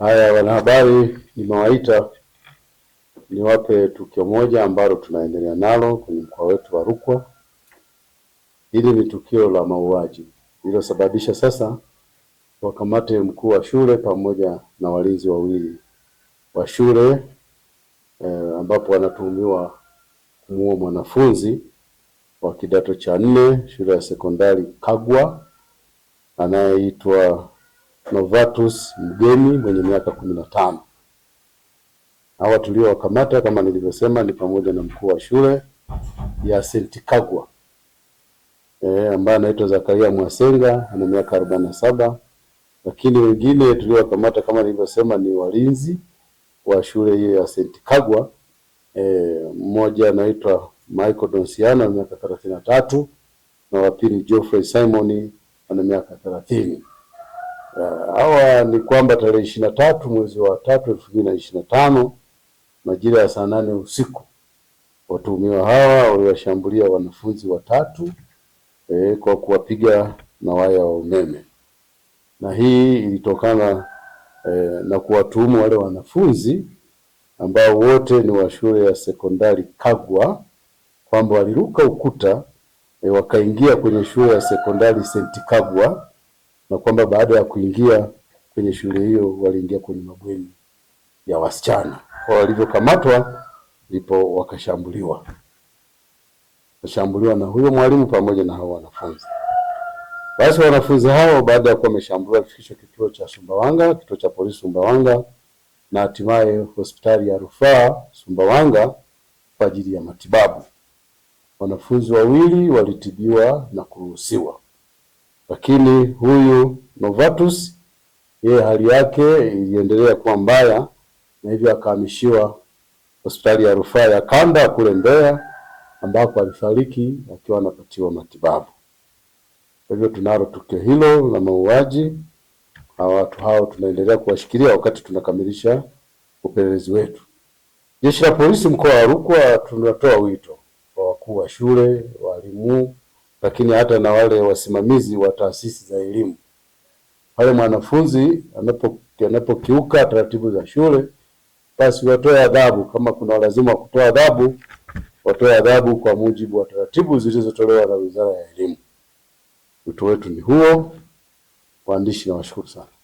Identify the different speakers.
Speaker 1: Haya, wanahabari, nimewaita niwape tukio moja ambalo tunaendelea nalo kwenye mkoa wetu wa Rukwa. Hili ni tukio la mauaji lililosababisha sasa wakamate mkuu wa shule pamoja na walinzi wawili wa shule eh, ambapo wanatuhumiwa kumuua mwanafunzi wa kidato cha nne shule ya sekondari Kagwa anayeitwa Novatus Mgeni mwenye miaka kumi na tano. Hawa tuliowakamata kama nilivyosema ni pamoja na mkuu wa shule ya St. Kagwa e, ambaye anaitwa Zakaria Mwasenga ana miaka arobaini na saba, lakini wengine tuliowakamata kama nilivyosema ni walinzi wa shule hiyo ya St. Kagwa e, mmoja anaitwa Michael Donsiano ana miaka thelathini na tatu na wapili Geoffrey Simon ana miaka thelathini. Uh, hawa ni kwamba tarehe ishirini na tatu mwezi wa tatu elfu mbili na ishirini na tano majira ya saa nane usiku watuhumiwa hawa waliwashambulia wanafunzi watatu e, kwa kuwapiga na waya wa umeme, na hii ilitokana e, na kuwatuhumu wale wanafunzi ambao wote ni wa shule ya sekondari Kagwa kwamba waliruka ukuta e, wakaingia kwenye shule ya sekondari Senti Kagwa na kwamba baada ya kuingia kwenye shule hiyo waliingia kwenye mabweni ya wasichana kwa walivyokamatwa, ndipo wakashambuliwa wakashambuliwa na huyo mwalimu pamoja na hao wanafunzi. Basi wanafunzi hao baada ya kuwa wameshambuliwa kituo cha Sumbawanga, kituo cha polisi Sumbawanga na hatimaye hospitali ya rufaa Sumbawanga kwa ajili ya matibabu. Wanafunzi wawili walitibiwa na kuruhusiwa lakini huyu Novatus yeye hali yake iliendelea kuwa mbaya na hivyo akahamishiwa hospitali ya rufaa ya kanda kule Mbeya ambapo alifariki akiwa anapatiwa matibabu. Kwa hivyo tunalo tukio hilo la mauaji na watu hao tunaendelea kuwashikilia wakati tunakamilisha upelelezi wetu. Jeshi la Polisi mkoa wa Rukwa tunatoa wito kwa wakuu wa shule, walimu lakini hata na wale wasimamizi wa taasisi za elimu. Pale mwanafunzi anapokiuka taratibu za shule, basi watoe adhabu. Kama kuna lazima wa kutoa adhabu, watoe adhabu kwa mujibu wa taratibu zilizotolewa na Wizara ya Elimu. Wito wetu ni huo. Waandishi, nawashukuru sana.